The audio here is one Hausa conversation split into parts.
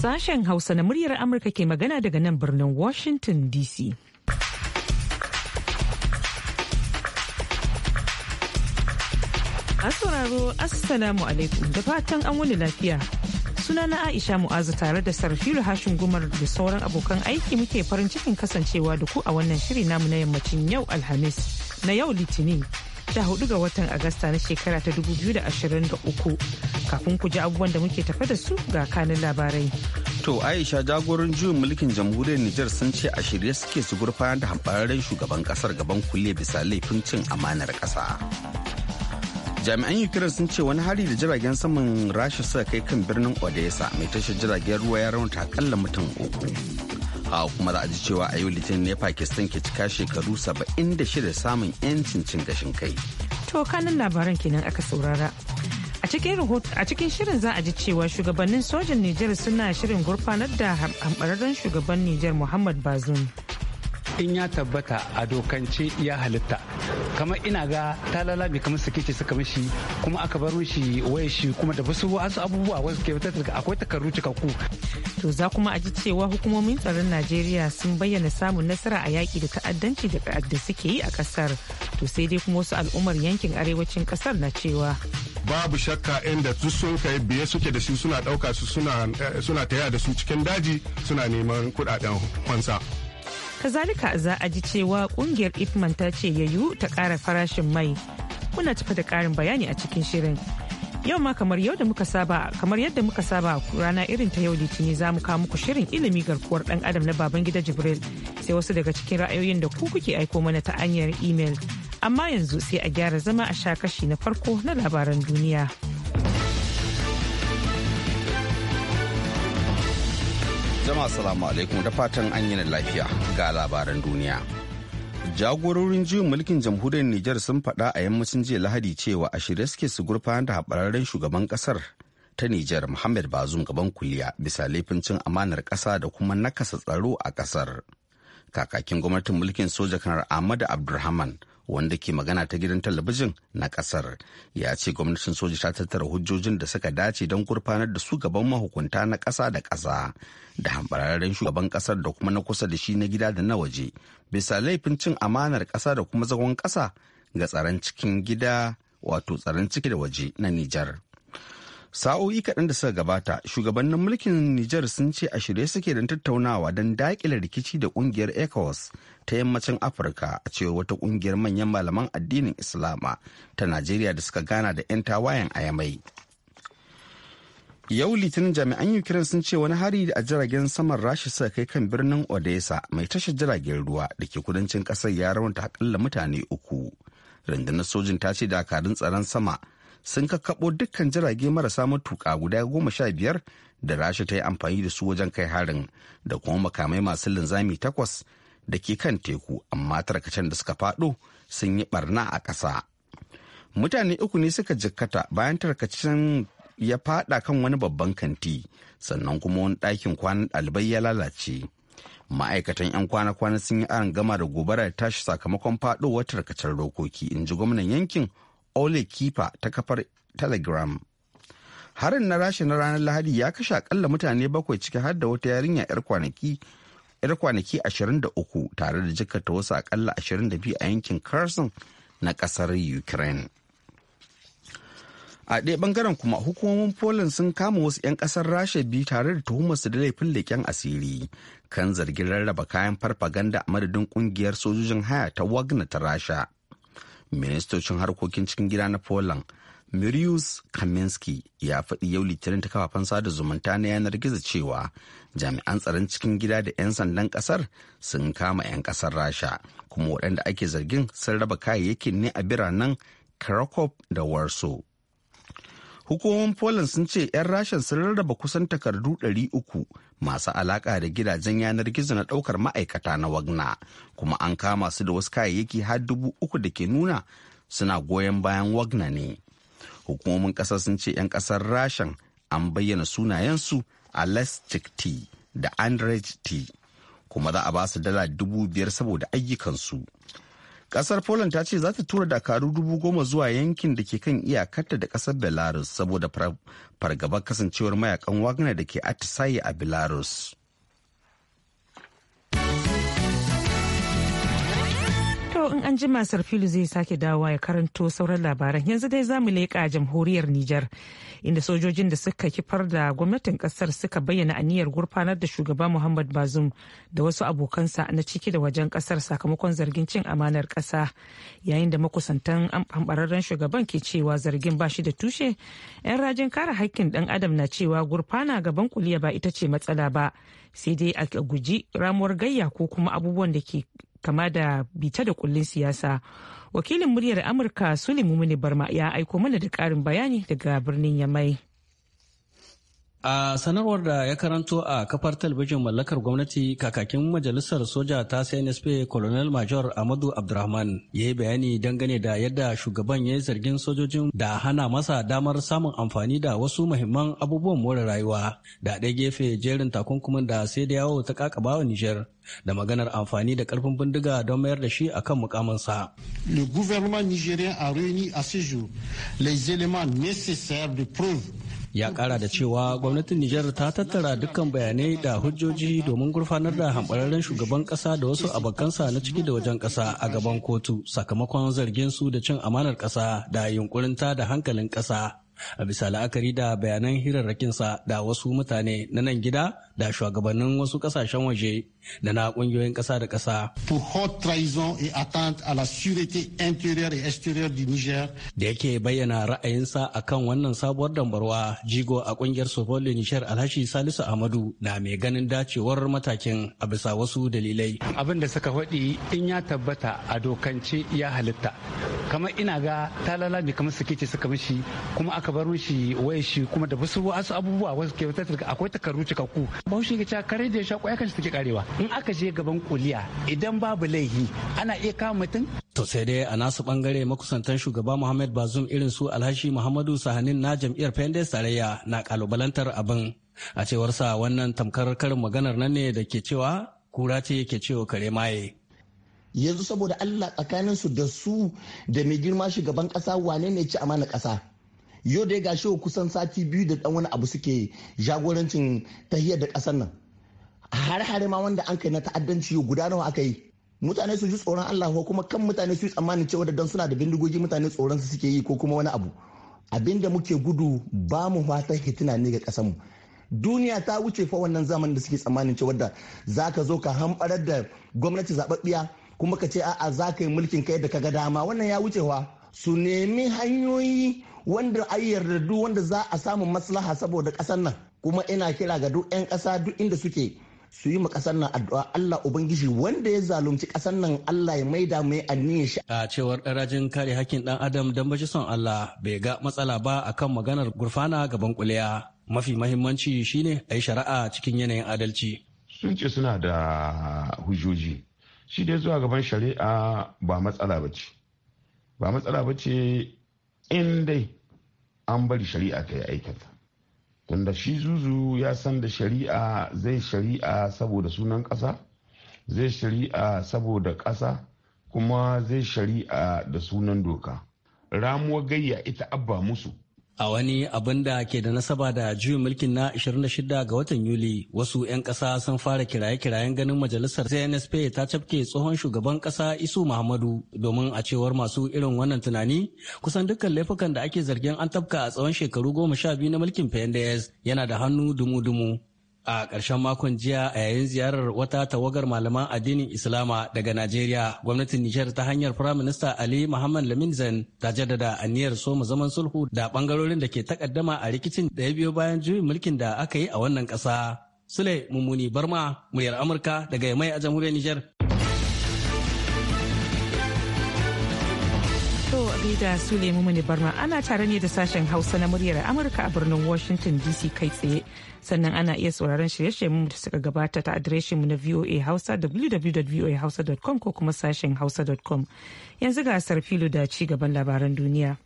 Sashen Hausa na muryar Amurka ke magana daga nan birnin Washington DC. sauraro Assalamu alaikum da fatan an wani lafiya. Suna na Aisha Mu'azu tare da Sarfilu Hashin Gumar da sauran abokan aiki muke farin cikin kasancewa da ku a wannan shiri namu na yammacin yau Alhamis na yau Litinin 14 ga watan Agusta na shekara ta 2023. Kafin ku ji abubuwan da muke tafa da su ga kanin labarai. To Aisha jagoran juyin mulkin jamhuriyar Nijar sun ce a shirye suke su gurfanar da hambararren shugaban kasar gaban kulle bisa laifin cin amanar kasa. jami'an ukraine sun ce wani hari da jiragen saman rasha suka kai kan birnin odessa mai tashar jiragen ruwa ya raunta akalla mutum uku kuma za a ji cewa a yau litinin ne pakistan ke cika shekaru 76 samun 'yancin cin gashin kai to kanin labaran kenan aka saurara a cikin shirin za a ji cewa shugabannin sojan Nijar suna shirin gurfanar da hambararren shugaban Nijar Muhammad Bazoum. in ya tabbata a dokance ya halitta kamar ina ga talala bai kamar suke ce suka mishi kuma aka bar mishi waya shi kuma da wasu wasu abubuwa wasu ke akwai takardu cikakku to za kuma a ji cewa hukumomin tsaron najeriya sun bayyana samun nasara a yaƙi da ta'addanci da suke yi a kasar to sai dai kuma wasu al'ummar yankin arewacin kasar na cewa babu shakka inda su sun kai biye suke da shi suna ɗauka su suna eh, taya da su cikin daji suna neman kuɗaɗen kwansa. Kazalika za a ji cewa kungiyar Ifman ta ce ya yayu ta kara farashin mai. Muna tafi da karin bayani a cikin shirin. Yau ma kamar yau da muka saba kamar yadda muka saba rana irin ta yau litinin za mu kawo muku shirin ilimi garkuwar dan adam na baban gida Jibril sai wasu daga cikin ra'ayoyin da ku kuke aiko mana ta hanyar imel. Amma yanzu sai a gyara zama a sha kashi na farko na labaran duniya. Jama'a salamu alaikum da fatan an yi lafiya ga labaran duniya. Jagororin juyin mulkin jamhuriyar Nijar sun faɗa a yammacin jiya Lahadi cewa a shirye suke su gurfanar da haɓararren shugaban ƙasar ta Nijar Muhammad bazum gaban kuliya bisa laifin cin amanar ƙasa da kuma nakasa tsaro a ƙasar. Kakakin gwamnatin mulkin soja kanar Ahmadu Abdulrahman wanda ke magana ta gidan talabijin na kasar ya ce gwamnatin soja ta tattara hujjojin da suka dace don gurfanar da su gaban mahukunta na ƙasa da ƙasa da hambararren shugaban kasar da kuma na kusa da shi na gida da na waje bisa laifin cin amanar kasa da kuma zagon kasa ga tsaron cikin gida wato tsaron ciki da waje na Nijar. Sa'o'i kaɗan da suka gabata, shugabannin mulkin Nijar sun ce a shirye suke don tattaunawa don daƙile rikici da ƙungiyar ECOWAS ta yammacin Afirka a cewa wata ƙungiyar manyan malaman addinin Islama ta Najeriya da suka gana da 'yan tawayen ayamai. Yau Litinin jami'an Ukraine sun ce wani hari a jiragen saman rashi suka kai kan birnin Odessa mai tashar jiragen ruwa da ke kudancin kasar ya raunta akalla mutane uku. Rundunar sojin ta ce dakarun tsaron sama sun kakkaɓo dukkan jirage marasa matuka guda goma sha biyar da rashi ta yi amfani da su wajen kai harin da kuma makamai masu linzami takwas da ke kan teku amma tarkacen da suka faɗo sun yi barna a ƙasa. Mutane uku ne suka jikkata bayan tarkacen ya fada kan wani babban kanti sannan kuma wani ɗakin kwanan ɗalibai ya lalace ma'aikatan 'yan kwana-kwana sun yi aron gama da gobara da tashi sakamakon faɗowar tarkacen dokoki in ji gwamnan yankin ole kifa ta kafar telegram harin na rashi na ranar lahadi ya kashe akalla mutane bakwai ciki har da wata yarinya 'yar kwanaki yar kwanaki 23 tare da jikata wasu akalla 22 a yankin Kherson na kasar Ukraine. a ɗaya bangaren kuma hukumomin poland sun kama wasu 'yan ƙasar rasha biyu tare da tuhumar su da laifin leƙen asiri kan zargin rarraba kayan farfaganda a madadin ƙungiyar sojojin haya ta wagner ta rasha ministocin harkokin cikin gida na poland Mirius Kaminski ya faɗi yau litinin ta kafafen sada zumunta na yanar gizo cewa jami'an tsaron cikin gida da 'yan sandan ƙasar sun kama 'yan ƙasar Rasha kuma waɗanda ake zargin sun raba kayayyakin ne a biranen Krakow da Warsaw. hukumomin poland sun ce 'yan rashin sun rarraba kusan takardu 300 masu alaka da gidajen yanar gizo na daukar ma'aikata na wagna kuma an kama su da wasu kayayyaki har dubu uku da ke nuna suna goyon bayan wagna ne hukumomin kasa sun ce 'yan kasar rashin an bayyana sunayensu a t da andrej t kuma za a ba su dala dubu biyar saboda ayyukansu. Kasar Poland ta ce za ta tura dakaru dubu goma zuwa yankin da ke kan iyakarta da kasar Belarus saboda fargabar kasancewar mayakan Wagner da ke atisaye a Belarus. in an jima sarfilu zai sake dawowa ya karanto sauran labaran yanzu dai za mu leƙa jamhuriyar Nijar inda sojojin da suka kifar da gwamnatin kasar suka bayyana aniyar gurfanar da shugaba Muhammad bazum da wasu abokansa na ciki da wajen kasar sakamakon zargin cin amanar kasa yayin da makusantan ambararren shugaban ke cewa zargin ba shi da tushe 'yan rajin kare haƙƙin ɗan adam na cewa gurfana gaban kuliya ba ita ce matsala ba sai dai a guji ramuwar gayya ko kuma abubuwan da ke kama da bita da kullin siyasa wakilin muryar amurka sulemu muni barma ya aiko mana da karin bayani daga birnin yamai A sanarwar da ya karanto a kafar talabijin mallakar gwamnati kakakin majalisar soja ta CNSP Colonel Major Amadu Abdurrahman ya yi bayani dangane da yadda shugaban ya yi zargin sojojin da hana masa damar samun amfani da wasu mahimman abubuwan more rayuwa da ɗaya gefe jerin takunkumin da sai da yawo ta kakabawa Nijar da maganar amfani da karfin bindiga don mayar da shi akan mukaminsa. Le gouvernement nigérien a réuni à ce jour les éléments nécessaires de preuve ya kara da cewa gwamnatin nijar ta tattara dukkan bayanai da hujjoji domin gurfanar da hambararren shugaban kasa da wasu abokansa na ciki da wajen kasa a gaban kotu sakamakon zargin su da cin amanar kasa da yunkurin da hankalin kasa a bisa la'akari da bayanan hirarrakin sa da wasu mutane na nan gida da shugabannin wasu kasashen waje da na kungiyoyin kasa da kasa. Pour haute trahison et attente à la sûreté intérieure et extérieure du Niger. Da yake bayyana ra'ayinsa a kan wannan sabuwar dambarwa jigo a kungiyar Sofolin Nishar Alhaji Salisu Ahmadu na mai ganin dacewar matakin a bisa wasu dalilai. Abin da suka faɗi in ya tabbata a dokance ya halitta kamar ina ga ta mai kamar suke ce suka mishi kuma aka bar mishi waye shi kuma da wasu wasu abubuwa wasu ke wata akwai takardu cikakku bahaushe ga cewa kare da ya sha kwaya kan shi karewa in aka je gaban kuliya idan babu laifi ana iya kama mutum To sai dai a nasu bangare makusantan shugaba Muhammad Bazum irin su Alhashi Muhammadu Sahanin na jam'iyyar Pendes tarayya na kalubalantar abin. A cewarsa wannan tamkar karin maganar nan ne da ke cewa kura ce ke cewa kare maye. yanzu saboda allah tsakanin su da su da mai girma shugaban kasa wane ne ci amana kasa yau da ya gashi kusan sati biyu da dan wani abu suke jagorancin tahiyar da kasar nan har-hare ma wanda an kai na ta'addanci guda nawa aka yi mutane su ji tsoron Allah ko kuma kan mutane su yi tsammanin cewa da don suna da bindigogi mutane tsoron su suke yi ko kuma wani abu abin da muke gudu ba mu fatan hitina ne ga kasar mu duniya ta wuce fa wannan zaman da suke tsammanin cewa da zaka zo ka hamɓarar da gwamnati zaɓaɓɓiya kuma ka ce a'a za ka yi mulkin kai da ka ga dama wannan ya wucewa su nemi hanyoyi wanda yarda yardadu wanda za a samu maslaha saboda ƙasar nan kuma ina kira ga duk 'yan ƙasa duk inda suke su yi ma ƙasar nan addu'a Allah Ubangiji wanda ya zalunci ƙasar nan Allah ya maida mai anniyin shi. A cewar ɗarajin kare hakkin ɗan Adam don baji son Allah bai ga matsala ba akan maganar gurfana gaban kuliya. Mafi mahimmanci shine a yi shari'a cikin yanayin adalci. Sun ce suna da hujjoji shi dai zuwa gaban shari'a ba matsala ba ce ba matsala ba ce in dai an bari shari'a ta yi aikata tunda shi zuzu ya san da shari'a zai shari'a saboda sunan ƙasa zai shari'a saboda ƙasa kuma zai shari'a da sunan doka ramuwa gayya ita abba musu A wani abin da ke da nasaba da juyin mulkin na 26 ga watan Yuli, wasu 'yan ƙasa sun fara kiraye-kirayen ganin majalisar CNSP ta cafke tsohon shugaban ƙasa Isu Muhammadu domin a cewar masu irin wannan tunani, kusan dukkan laifukan da ake zargin an tafka a tsawon shekaru goma sha biyu na mulkin PNDS yana da hannu dumu-dumu. a ƙarshen makon jiya a yayin ziyarar wata tawagar malaman addinin Islama daga Najeriya, gwamnatin Nijar ta hanyar Firaminista Ali Muhammad Lamin Zan ta jaddada aniyar mu zaman sulhu da ɓangarorin da ke takaddama a rikicin da ya biyo bayan juyin mulkin da aka yi a wannan ƙasa. Sule Mummuni Barma, muryar Amurka daga Yamai a jamhuriyar Nijar. To gaida su lemu barma ana tare ne da sashen Hausa na muryar Amurka a birnin Washington DC kai tsaye. Sannan ana iya sauraron shirye mu da suka gabata ta adireshin mu na VOA Hausa www.voahausa.com ko kuma sashen Hausa.com. Yanzu ga filo da ci gaban labaran duniya.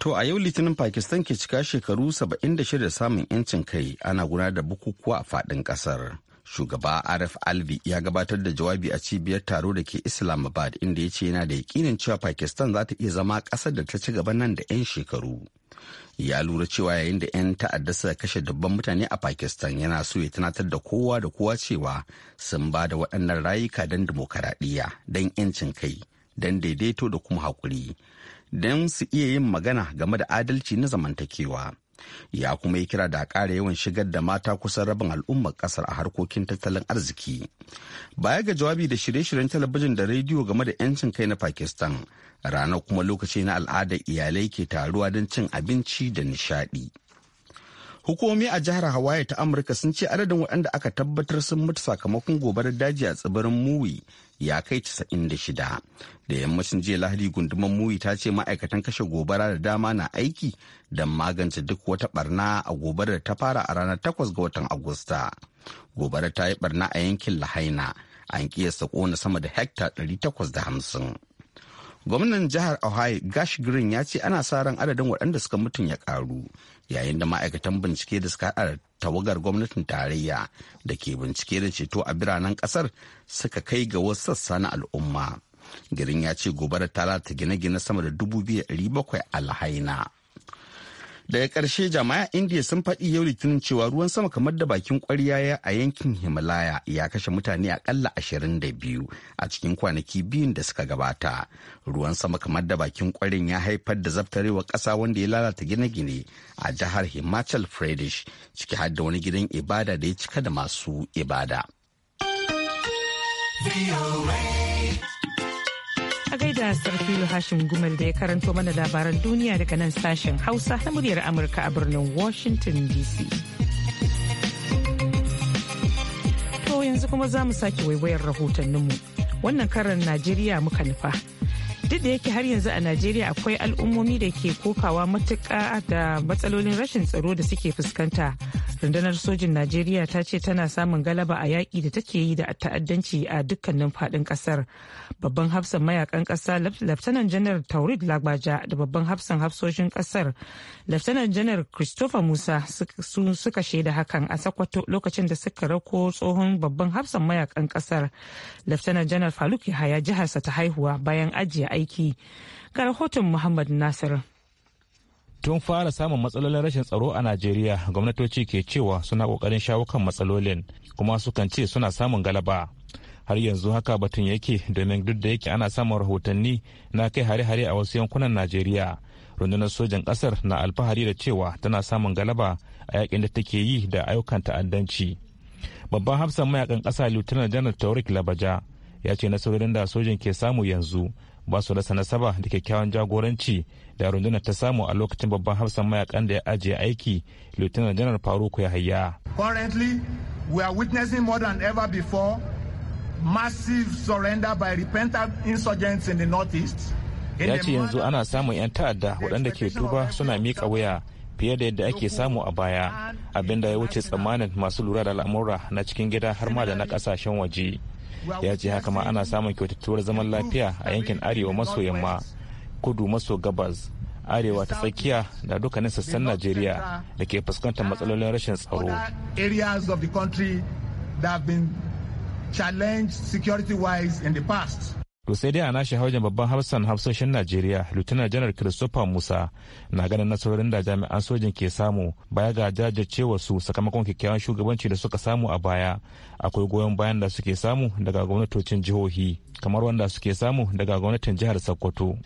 To a yau Litinin Pakistan ke cika shekaru 76 samun 'yancin kai ana gudanar da bukukuwa a faɗin ƙasar. shugaba arif alvi ya gabatar da jawabi a cibiyar taro da ke islamabad inda ya ce yana da yakinin cewa pakistan za ta iya zama kasar da ta ci gaba nan da 'yan shekaru ya lura cewa yayin da 'yan ta'adda suka kashe dubban mutane a pakistan yana so ya tunatar da kowa da kowa cewa sun ba da waɗannan rayuka don dimokuraɗiyya don 'yancin kai don daidaito da kuma haƙuri don su iya yin magana game da adalci na zamantakewa. ya kuma yi kira da ƙara yawan shigar da mata kusan rabin al'ummar ƙasar a harkokin tattalin arziki baya ga jawabi da shirye-shiryen talabijin da rediyo game da 'yancin kai na pakistan ranar kuma lokaci na al'adar iyalai ke taruwa don cin abinci da nishaɗi hukumomi a jihar hawaii ta amurka sun ce adadin waɗanda aka tabbatar sun mutu sakamakon gobarar daji a tsibirin muwi ya kai 96 da yammacin jiya lahadi gundumar muyi ta ce ma'aikatan kashe gobara da dama na aiki don magance duk wata barna a gobara da ta fara a ranar 8 ga watan agusta Gobara ta yi barna a yankin lahaina an kiyasta kona sama da hekta 850 gwamnan jihar ohio gash green ya ce ana sa ran adadin waɗanda suka mutum ya ƙaru. yayin da ma'aikatan bincike da suka haɗa tawagar gwamnatin tarayya da ke bincike da ceto a biranen kasar suka kai ga wasu sassa na al'umma. Girin ya ce gobarar ta lalata gine-gine sama da dubu biyu bakwai alhaina. daga ƙarshe jama'a indiya sun faɗi yau litinin cewa ruwan sama kamar da bakin ƙwarya a yankin himalaya ya kashe mutane akalla ashirin da biyu a cikin kwanaki biyun da suka gabata ruwan sama kamar da bakin ƙwarin ya haifar da zaftarewa ƙasa wanda ya lalata gine-gine a jihar himachal pradesh ciki har da wani gidan ibada da ya cika da masu ibada. a gaida sarfilu hashim gumal da ya karanto mana labaran duniya daga nan sashen hausa na muryar amurka a birnin washington dc to yanzu kuma za mu sake waiwayar rahotanninmu wannan karan najeriya muka nufa duk da yake har yanzu a najeriya akwai al'ummomi da ke kokawa matuƙa da matsalolin rashin tsaro da suke fuskanta rundunar sojin najeriya ta ce tana samun galaba a yaƙi da take yi da ta'addanci a dukkanin faɗin ƙasar babban hafsan mayakan ƙasa laftanan janar taurid lagbaja da babban hafsan hafsoshin ƙasar laftanan janar christopher musa su suka shaida hakan a sakwato lokacin da suka rako tsohon babban hafsan mayakan ƙasar laftanan janar faluk yahaya jiharsa ta haihuwa bayan ajiye aiki ga rahoton muhammad nasir tun fara samun matsalolin rashin tsaro a najeriya gwamnatoci ke cewa suna kokarin shawo kan matsalolin kuma sukan ce suna samun galaba har yanzu haka batun yake domin duk da yake ana samun rahotanni na kai hare-hare a wasu yankunan najeriya rundunar sojan kasar na alfahari da cewa tana samun galaba a yakin da take yi da ayyukan ta'addanci babban hafsan mayakan kasa lieutenant janar taurik labaja ya ce nasarorin da sojan ke samu yanzu ba su rasa nasaba da kyakkyawan jagoranci da rundunar ta samu a lokacin babban hafsan mayakan da ya ajiye aiki lieutenant general faruk yahaya currently we are witnessing more than ever before massive surrender by repentant insurgents in the northeast ya ce yanzu ana samun 'yan ta'adda waɗanda ke tuba suna miƙa wuya fiye da yadda ake samu a baya abinda ya wuce tsammanin masu lura da al'amura na cikin gida har ma da na ƙasashen waje ya ce haka ma ana samun kyautattuwar zaman lafiya a yankin arewa maso yamma kudu maso gabas arewa ta tsakiya da dukkanin sassan najeriya da ke fuskantar matsalolin rashin tsaro To sai dai a nashi haujan babban hafsan hafsoshin Najeriya, Lieutenant Janar Christopher Musa na ganin nasarorin da jami'an sojin ke samu baya ga jajircewa su sakamakon kyakkyawan shugabanci da suka samu a baya. Akwai goyon bayan da suke samu daga gwamnatocin jihohi, kamar wanda suke samu daga gwamnatin jihar Sokoto.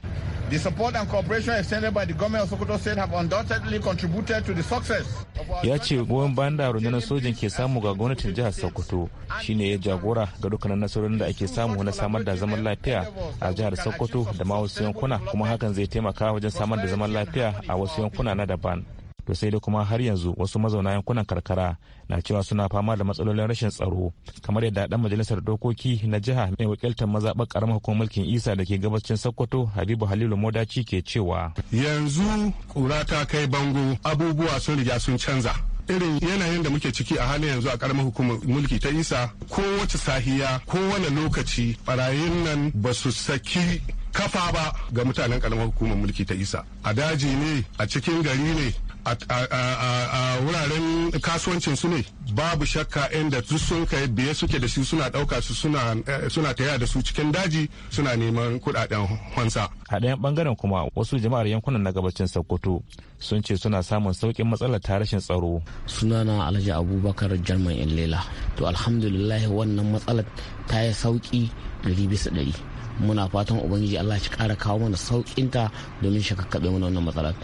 The support and cooperation extended by the government of Sokoto state have undoubtedly contributed to the success. Ya ce goyon bayan da rundunar sojin ke samu ga gwamnatin jihar Sokoto shine ya jagora ga dukkanin nasarorin da ake samu na samar da zaman lafiya lafiya a jihar sokoto da ma wasu yankuna kuma hakan zai taimaka wajen samar da zaman lafiya a wasu yankuna na daban to sai dai kuma har yanzu wasu mazauna yankunan karkara na cewa suna fama da matsalolin rashin tsaro kamar yadda dan majalisar dokoki na jiha mai wakiltar mazaɓar karamar hukumar mulkin isa da ke gabacin sokoto habibu halilu modaci ke cewa yanzu kura ta kai bango abubuwa sun riga sun canza irin yanayin da muke ciki a halin yanzu a karamar hukumar mulki ta isa kowace sahiya ko kowane lokaci barayin nan ba su saki kafa ba ga mutanen karamar hukumar mulki ta isa a daji ne a cikin gari ne a wuraren kasuwancin su ne babu shakka inda duk sun kai biye suke da shi suna ɗauka su eh, suna taya da su cikin daji suna neman kuɗaɗen hansa. A ɗayan bangaren kuma wasu jama'ar yankunan na gabacin Sokoto sun ce suna samun sauƙin matsalar ta rashin tsaro. Sunana Alhaji Abubakar Jarman in el-lela To alhamdulillah wannan matsalar ta yi sauƙi ɗari bisa ɗari. muna fatan ubangiji allah ya kara kawo mana saukin ta domin shi kakkabe mana wannan matsalar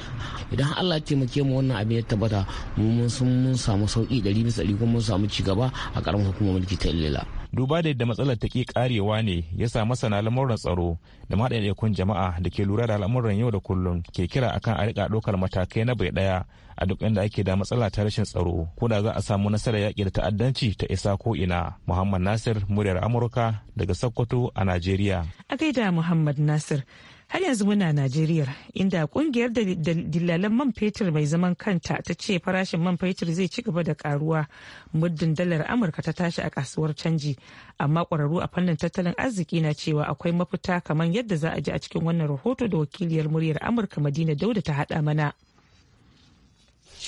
idan allah taimake mu wannan abin ya tabbata mun samu sauki ɗari bisa ɗari kuma mun samu cigaba a karamin hukumar mulki ta illela duba da yadda matsalar ta ke karewa ne ya sa masana lamuran tsaro da maɗaɗaikun jama'a da ke lura da al'amuran yau da kullum ke kira akan a riƙa ɗaukar matakai na bai ɗaya a duk inda ake da matsala ta rashin tsaro ko da za a samu nasarar yaƙi da ta'addanci ta isa ko ina muhammad nasir muryar amurka daga sokoto a najeriya a gaida muhammad nasir har yanzu muna najeriya inda kungiyar dillalan man fetur mai zaman kanta ta ce farashin man fetur zai ci gaba da karuwa muddin dalar amurka ta tashi a kasuwar canji amma kwararru a fannin tattalin arziki na cewa akwai mafita kamar yadda za a ji a cikin wannan rahoto da wakiliyar muryar amurka madina dauda ta hada mana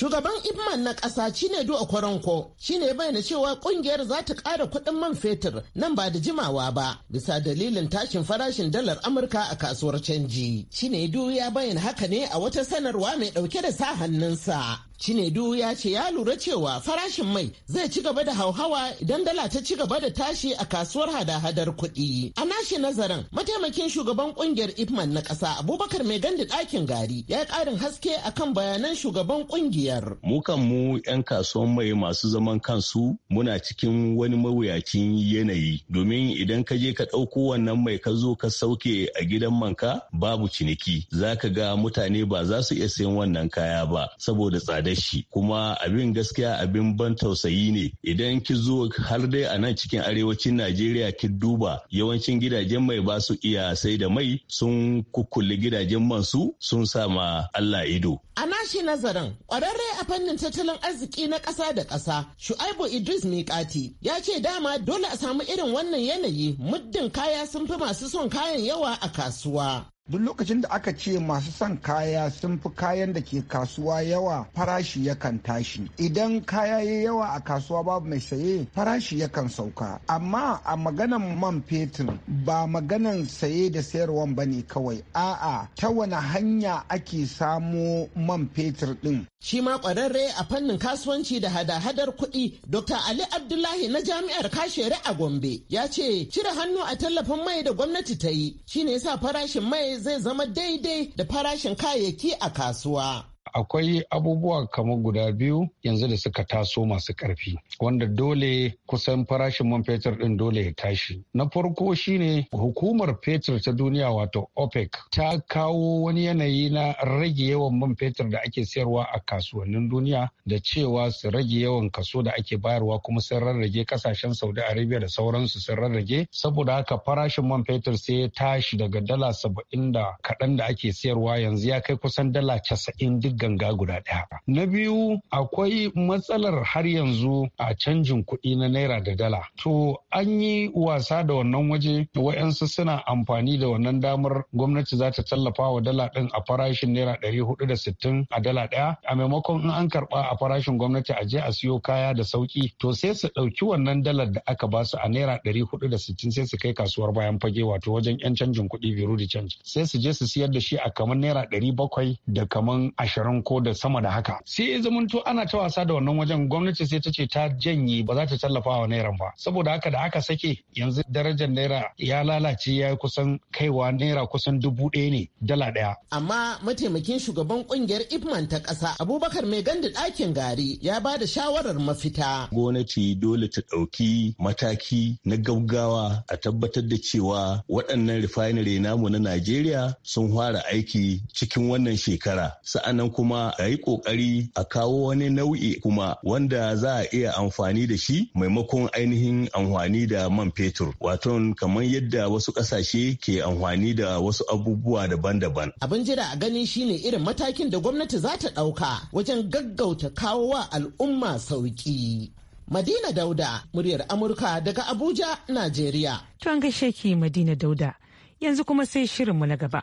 Shugaban Ibman na ƙasa Chinedu Okoronkwo shi shine bayyana cewa ƙungiyar za ta ƙara kuɗin man fetur nan ba da jimawa ba bisa dalilin tashin farashin dalar Amurka a kasuwar canji. Du ya bayyana haka ne a wata sanarwa mai ɗauke da sa hannunsa. Chinedu ya ce ya lura cewa farashin mai zai ci gaba da hauhawa idan dala ta ci gaba da tashi a kasuwar hada-hadar kuɗi. A nashi nazarin mataimakin shugaban kungiyar Ipman na ƙasa Abubakar Mai Gandi ɗakin gari ya ƙarin haske a kan bayanan shugaban kungiyar. Mu kan mu 'yan kasuwan mai masu zaman kansu muna cikin wani mawuyacin yanayi domin idan ka je ka ɗauko wannan mai ka zo ka sauke a gidan manka babu ciniki za ka ga mutane ba za su iya sayan wannan kaya ba saboda tsada da shi kuma abin gaskiya abin ban tausayi ne idan ki zo har dai a nan cikin arewacin najeriya ki duba yawancin gidajen mai ba su iya sai da mai sun kukkule gidajen man su sun sa ma allah ido A nashi nazarin ƙwararre a fannin tattalin arziki na ƙasa da ƙasa Shu'aibu Idris Mikati ya ce dama dole a samu irin wannan yanayi muddin kaya sun fi masu son kayan yawa a kasuwa. duk lokacin da aka ce masu son kaya sun fi kayan da ke kasuwa yawa farashi yakan tashi idan kaya ya yawa a kasuwa babu mai saye farashi yakan sauka amma a maganan man fetur ba maganan saye da sayarwan ba ne kawai a'a ta wani hanya ake samo man fetur ɗin. Shi ma ƙwararre a fannin kasuwanci da hada-hadar kuɗi Dr. Ali Abdullahi na jami'ar Kashere a Gombe ya ce cire hannu a tallafin mai da gwamnati ta yi shi ne yasa farashin mai zai zama daidai da farashin kayayyaki a kasuwa. akwai abubuwa kamar guda biyu yanzu da suka taso masu karfi wanda dole kusan farashin man fetur din dole ya tashi na farko shine hukumar fetur ta duniya wato opec ta kawo wani yanayi na rage yawan man fetur da ake sayarwa a kasuwannin duniya da cewa su rage yawan kaso da ake bayarwa kuma sun rarrage kasashen saudi arabia da sauransu sun rarrage saboda haka farashin man fetur sai ya tashi daga dala saba'in da kaɗan da ake sayarwa yanzu ya kai kusan dala casa'in duk ganga guda ɗaya. Na biyu akwai matsalar har yanzu a canjin kuɗi na naira da dala. To an yi wasa da wannan waje wa'yansu suna amfani da wannan damar gwamnati za ta tallafa wa dala ɗin a farashin naira ɗari hudu da sittin a dala ɗaya a maimakon in an karɓa a farashin gwamnati a je a siyo kaya da sauki to sai su ɗauki wannan dalar da aka basu a naira ɗari hudu da sittin sai su kai kasuwar bayan fage wato wajen 'yan canjin kuɗi biro da canji sai su je su siyar da shi a kamar naira ɗari bakwai da kamar ashirin ashirin ko da sama da haka sai ya zamanto ana ta wasa da wannan wajen gwamnati sai ta ce ta janye ba za ta tallafa wa naira ba saboda haka da aka sake yanzu darajar naira ya lalace ya kusan kaiwa naira kusan dubu ɗaya ne dala ɗaya. amma mataimakin shugaban kungiyar ipman ta ƙasa abubakar mai gandu ɗakin gari ya ba da shawarar mafita. gwamnati dole ta ɗauki mataki na gaggawa a tabbatar da cewa waɗannan refinery namu na najeriya sun fara aiki cikin wannan shekara sa'annan kuma a yi kokari a kawo wani nau'i kuma wanda za a iya amfani da shi maimakon ainihin amfani da man fetur wato kamar yadda wasu kasashe ke amfani da wasu abubuwa daban-daban abin jira a gani shine irin matakin da gwamnati za ta ɗauka wajen gaggauta kawo wa al'umma sauki madina dauda muryar amurka daga abuja najeriya to an ki madina dauda yanzu kuma sai shirin mu na gaba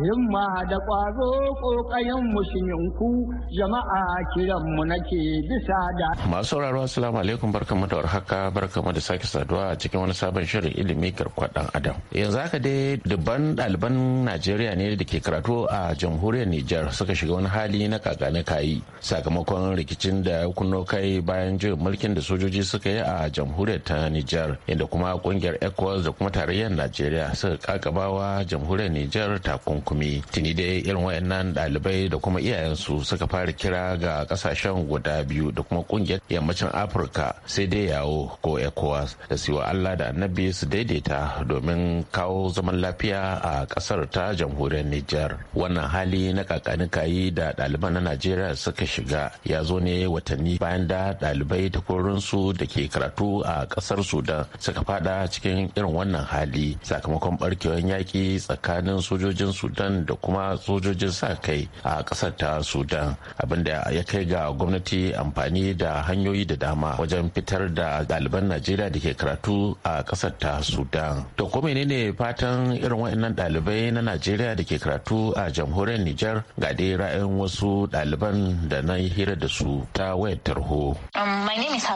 himma da ƙwazo ƙoƙayen mushiminku jama'a kiranmu nake bisa da. Masu sauraro assalamu alaikum barkamu da warhaka barkamu da sake saduwa a cikin wani sabon shirin ilimi garkuwar ɗan adam. Yanzu haka dai dubban ɗaliban Najeriya ne da ke karatu a jamhuriyar Nijar suka shiga wani hali na na kayi sakamakon rikicin da ya kunno kai bayan juyin mulkin da sojoji suka yi a jamhuriyar ta Nijar inda kuma ƙungiyar ECOWAS da kuma tarayyar Najeriya suka kakabawa jamhuriyar Nijar takunku. kumi tuni dai irin wayannan dalibai da kuma iyayensu suka fara kira ga kasashen guda biyu da kuma kungiyar yammacin afirka sai dai yawo ko ecowas da siwa allah da annabi su daidaita domin kawo zaman lafiya a kasar ta jamhuriyar nijar wannan hali na kayi da ɗaliban na najeriya suka shiga ya zo ne watanni bayan da ɗalibai takwarorinsu da ke karatu a kasar sudan suka fada cikin irin wannan hali sakamakon barkewar yaƙi tsakanin sojojin su sudan da kuma sojojin sa kai a kasar ta sudan abinda ya kai ga gwamnati amfani da hanyoyi da dama wajen fitar da ɗaliban najeriya da ke karatu a kasar ta sudan to ko menene fatan irin waɗannan ɗalibai na najeriya da ke karatu a jamhuriyar niger ga dai ra'ayin wasu ɗaliban da na yi hira da su ta wayar tarho um, my name is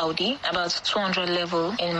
audi about level in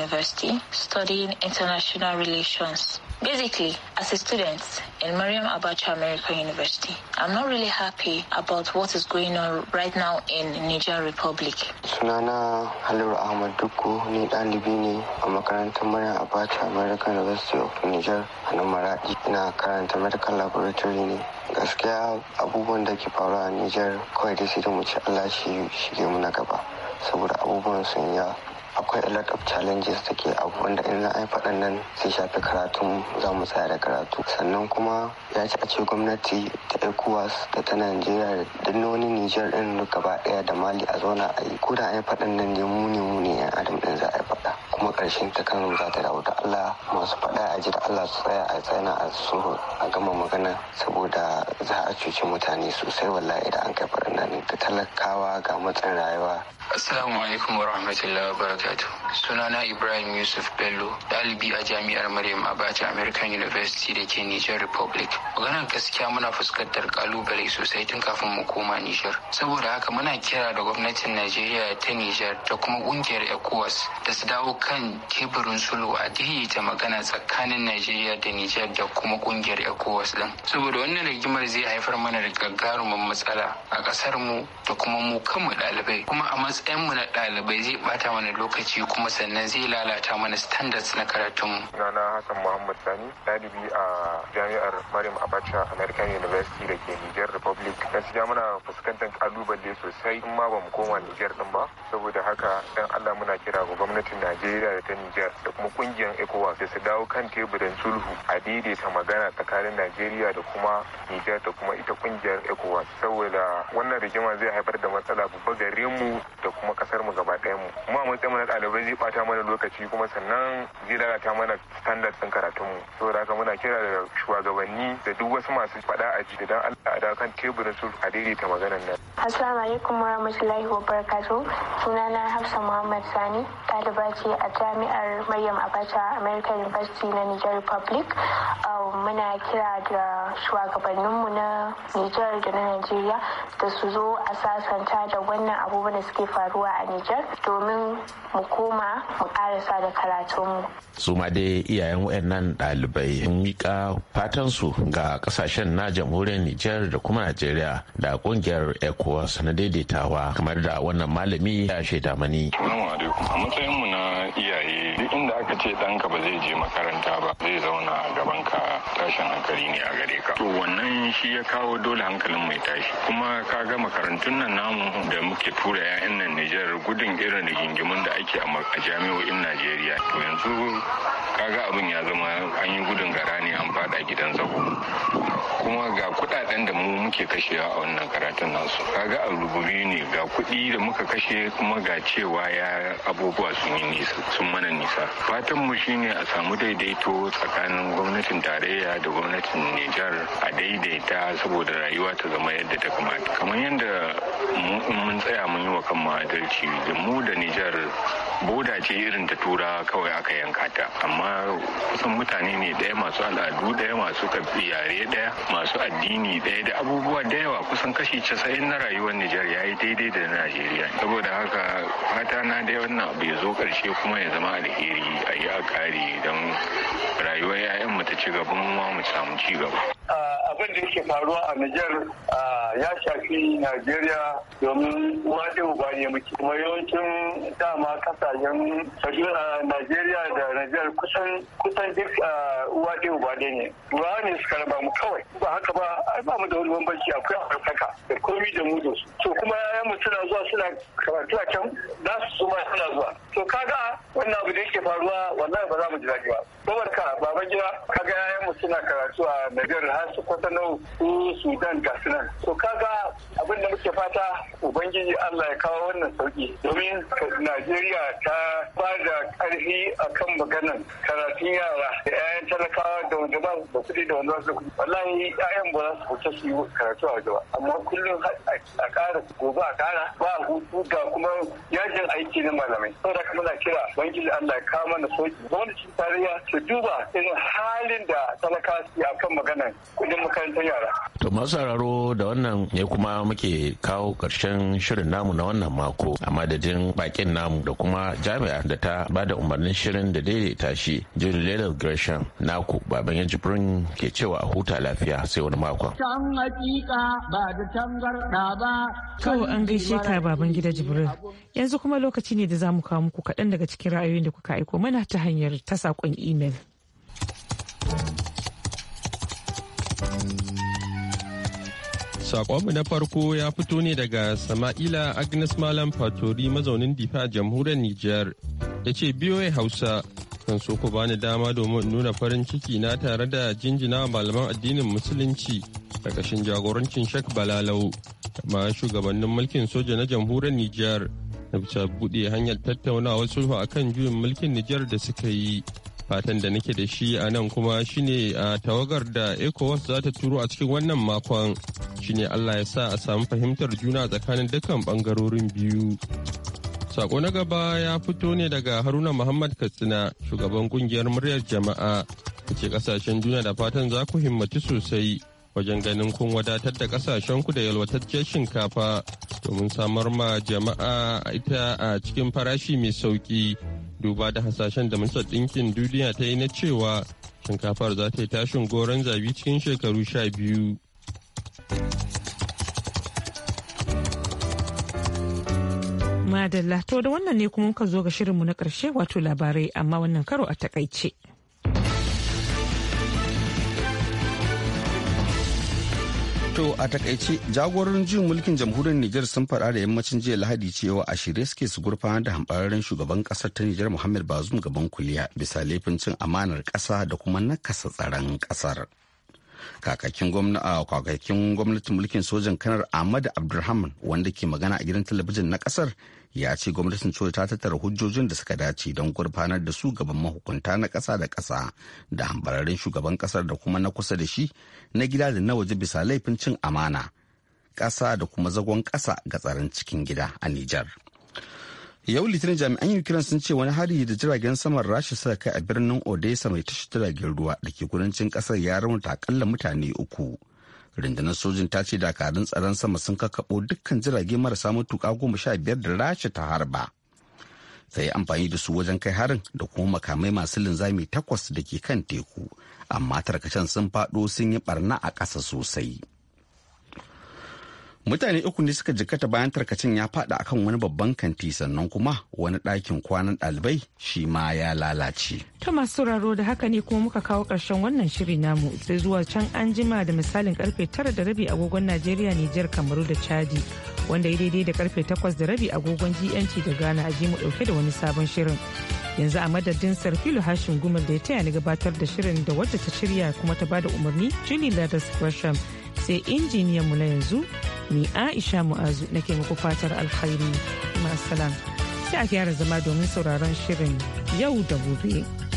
university studying international relations Basically, as a student in Mariam Abacha American University, I'm not really happy about what is going on right now in Niger Republic. Sunana Haliru Ahmad Duku ni ɗalibi ne a makarantar Mariam Abacha American University of Niger a na Maradi. Ina karanta medical laboratory ne. Gaskiya abubuwan da ke faruwa a Niger kawai da sai da mu ci Allah shi shige mu na gaba saboda abubuwan sun ya akwai a of challenges da ke abu wanda in ai faɗannan yi nan sai shafi karatu za mu tsaya da karatu sannan kuma ya ci a ce gwamnati ta ecowas da ta najeriya da dinnoni nijar din gaba ɗaya da mali a zauna a yi ko da an yi faɗan nan ne muni muni yan adam din za a yi faɗa kuma ƙarshen ta kan za ta dawo da allah masu faɗa a ji da allah su tsaya a tsaya a su a gama magana saboda za a cuci mutane sosai wallahi idan an kai faɗan nan ta talakawa ga matsin rayuwa Assalamu alaikum wa rahmatullahi wa barakatu. Sunana Ibrahim Yusuf Bello, ɗalibi a Jami'ar Maryam Abacha American University da ke Niger Republic. Maganar gaskiya muna fuskantar kalubale sosai tun kafin mu koma Niger. Saboda haka muna kira da gwamnatin Najeriya ta Niger da kuma ƙungiyar ECOWAS da su dawo kan teburin sulhu a daidaita magana tsakanin Najeriya da Niger da kuma ƙungiyar ECOWAS din. Saboda wannan rigimar zai haifar mana da gagarumin matsala a ƙasar mu da kuma mu kanmu ɗalibai kuma a mu na ɗalibai zai bata mana lokaci kuma sannan zai lalata mana standards na karatun. Sunana Hassan Muhammad Sani, ɗalibi a jami'ar Maryam Abacha American University da ke Niger Republic. Gaskiya muna fuskantar kalubale sosai in ma bamu koma Niger din ba, saboda haka dan Allah muna kira ga gwamnatin Najeriya da ta Niger da kuma kungiyar ECOWAS da su dawo kan teburin sulhu a daidaita magana tsakanin Najeriya da kuma Niger da kuma ita kungiyar ECOWAS saboda wannan rigima zai haifar da matsala babba gare mu da da kuma kasar mu gaba ɗayan mu mu a matsayin na ɗalibai zai ɓata mana lokaci kuma sannan zai lalata mana standard ɗin karatun mu saboda haka muna kira da shugabanni da duk wasu masu faɗa a ji idan Allah a da kan teburin su a ta maganar nan. Assalamu alaikum warahmatullahi wabarakatuh sunana Hafsa Muhammad Sani ɗaliba ce a jami'ar Maryam Abacha American University na Niger Republic. muna kira da shugabanninmu na Nijar da na Najeriya da su zo a sasanta da wannan abubuwan da suke faruwa a Nijar domin mu koma mu karasa da karatunmu. Su ma dai iyayen waɗannan ɗalibai sun miƙa su ga ƙasashen na jamhuriyar Nijar da kuma Najeriya da ƙungiyar ECOWAS na daidaitawa kamar da wannan malami ya shaida mani. Assalamu alaikum. A matsayinmu na ka ce ɗanka ba zai je makaranta ba zai zauna a gaban ka tashin hankali ne a gare ka to wannan shi ya kawo dole hankalin mai tashi kuma ka ga makarantun nan namu da muke tura 'ya'yan nan Nijar gudun irin rigingimun da ake a jami'o'in Najeriya to yanzu kaga abin ya zama an yi gudun gara ne an fada gidan zago kuma ga kudaden da mu muke kashewa a wannan karatun nasu kaga a rububi ne ga kuɗi da muka kashe kuma ga cewa ya abubuwa sun yi nisa sun mana nisa fatan mu shine a samu daidaito tsakanin gwamnatin tarayya da gwamnatin Nijar a daidaita saboda rayuwa ta zama yadda ta kamata kamar yadda mun tsaya mun yi wa kan adalci da mu da Nijar boda ce irin ta tura kawai aka yanka ta amma kusan mutane ne daya masu al'adu daya masu yare daya masu addini daya da abubuwa da yawa kusan kashi casa'in na rayuwar Nijar ya yi daidai da Najeriya saboda haka fata na da wannan abu ya zo karshe kuma ya zama alheri a yi a kare don rayuwar 'ya'yan ta ci gaba mu ma mu samu ci gaba. abin da yake faruwa a Nijar ya shafi Najeriya domin wani uba ne muke kuma yawancin dama kasashen Najeriya da Nijar kusan kusan duk uwa ɗaya uba ɗaya ne. Ruwa ne suka raba mu kawai ba haka ba ai ba mu da wani bambanci akwai akwai da komi da mu da su. To kuma yayan mu suna zuwa suna karatu a can za su suma suna zuwa. To kaga wannan abu da yake faruwa wallahi ba za mu ji daɗi ba. Babarka baba gida kaga yayan mu suna karatu a Niger har su kwata nau su Sudan ga nan. To kaga abin da muke fata Ubangiji Allah ya kawo wannan sauki domin Najeriya ta ba da ƙarfi akan maganan karatun yara da 'ya'yan talakawa da wanda ba da kuɗi da wanda su wallahi 'ya'yan ba za su fita su yi karatu a gaba amma kullum a ƙara gobe a ƙara ba hutu ga kuma yajin aiki na malamai saboda kuma na kira Ubangiji Allah ya kawo mana sauki gwamnatin tarayya su duba in halin da talaka su a kan magana kudin makarantar yara. To masu sauraro da wannan ne kuma muke kawo ƙarshen shirin namu na wannan mako a madadin bakin namu da kuma jami'a da ta ba da umarnin shirin da daidaita shi Julie Leland Gresham naku baban ya jibrin ke cewa a huta lafiya sai wani makon. Can hakika ba da tangarda ba. Kawo an gaishe ka baban gida jibrin yanzu kuma lokaci ne da za mu kawo muku kaɗan daga cikin ra'ayoyin da kuka aiko mana ta hanyar ta saƙon kremlin Sakonmu na farko ya fito ne daga Sama'ila Agnes Malam Fatori mazaunin Difa a jamhuriyar Nijar. Ya ce ya Hausa kan so ku bani dama domin nuna farin ciki na tare da jinjina malaman addinin Musulunci ƙarƙashin jagorancin Sheikh Balalau ma shugabannin mulkin soja na jamhuriyar Nijar na bisa buɗe hanyar tattaunawa sulhu akan juyin mulkin Nijar da suka yi fatan da nake da shi a nan kuma shine a tawagar da ecowas za ta turo a cikin wannan makon shine allah ya sa a samu fahimtar juna tsakanin dukkan bangarorin biyu sako na gaba ya fito ne daga haruna muhammad katsina shugaban kungiyar muryar jama'a da ke kasashen juna da fatan za ku himmatu sosai wajen ganin kun wadatar da ku da yalwatacciyar shinkafa domin samar ma jama'a ita a cikin farashi mai sauki duba da hasashen da majalisar ɗinkin duniya ta yi na cewa shinkafar za ta yi tashin goron zabi cikin shekaru sha biyu. Madalla, to da wannan ne kuma muka zo ga shirinmu na ƙarshe wato labarai amma wannan karo a takaice. To a takaice jagororin jin mulkin jamhuriyar Nijar sun faɗa da yammacin jiya Lahadi cewa a shirye suke su gurfana da hambararren shugaban kasar ta Nijar Muhammad Bazoum gaban kuliya bisa laifin cin amanar kasa da kuma nakasa tsaron kasar. Kakakin gwamnatin mulkin sojan kanar Ahmad Abdulrahman wanda ke magana a gidan talabijin na kasar. ya ce gwamnatin Choi ta tattara hujjojin da suka dace don gurfanar da su gaban mahukunta na ƙasa da ƙasa da hambararren shugaban ƙasar da kuma na kusa da shi na gida da na waje bisa laifin cin amana ƙasa da kuma zagon ƙasa ga tsaron cikin gida a Nijar. Yau Litinin jami'an Ukraine sun ce wani hari da jiragen saman Rasha suka kai a birnin Odessa mai tashi jiragen ruwa da ke kudancin ƙasar ya raunta akalla mutane uku. rundunar sojin ta ce dakarun tsaron sama sun kakaɓo dukkan jirage marasa matuƙa goma sha biyar da rasha ta harba ta yi amfani da su wajen kai harin da kuma makamai masu linzami takwas da ke kan teku amma tarkacen sun faɗo sun yi barna a ƙasa sosai mutane uku ne suka jikkata bayan tarkacin ya fada akan wani babban kanti sannan kuma wani ɗakin kwanan ɗalibai shi ma ya lalace. ta masu sauraro da haka ne kuma muka kawo ƙarshen wannan shiri namu sai zuwa can an jima da misalin karfe tara da rabi agogon najeriya nijar kamaru da chadi wanda ya daidai da karfe takwas da rabi agogon GNT da ghana a mu ɗauke da wani sabon shirin yanzu a madadin sarfilu hashin gumar da ya taya ni gabatar da shirin da wadda ta shirya kuma ta bada umarni julie ladas gresham sai injiniyan mu na yanzu ni aisha mu'azu nake muku fatar alkhairi masalam sai a gyara zama domin sauraron shirin yau da gobe.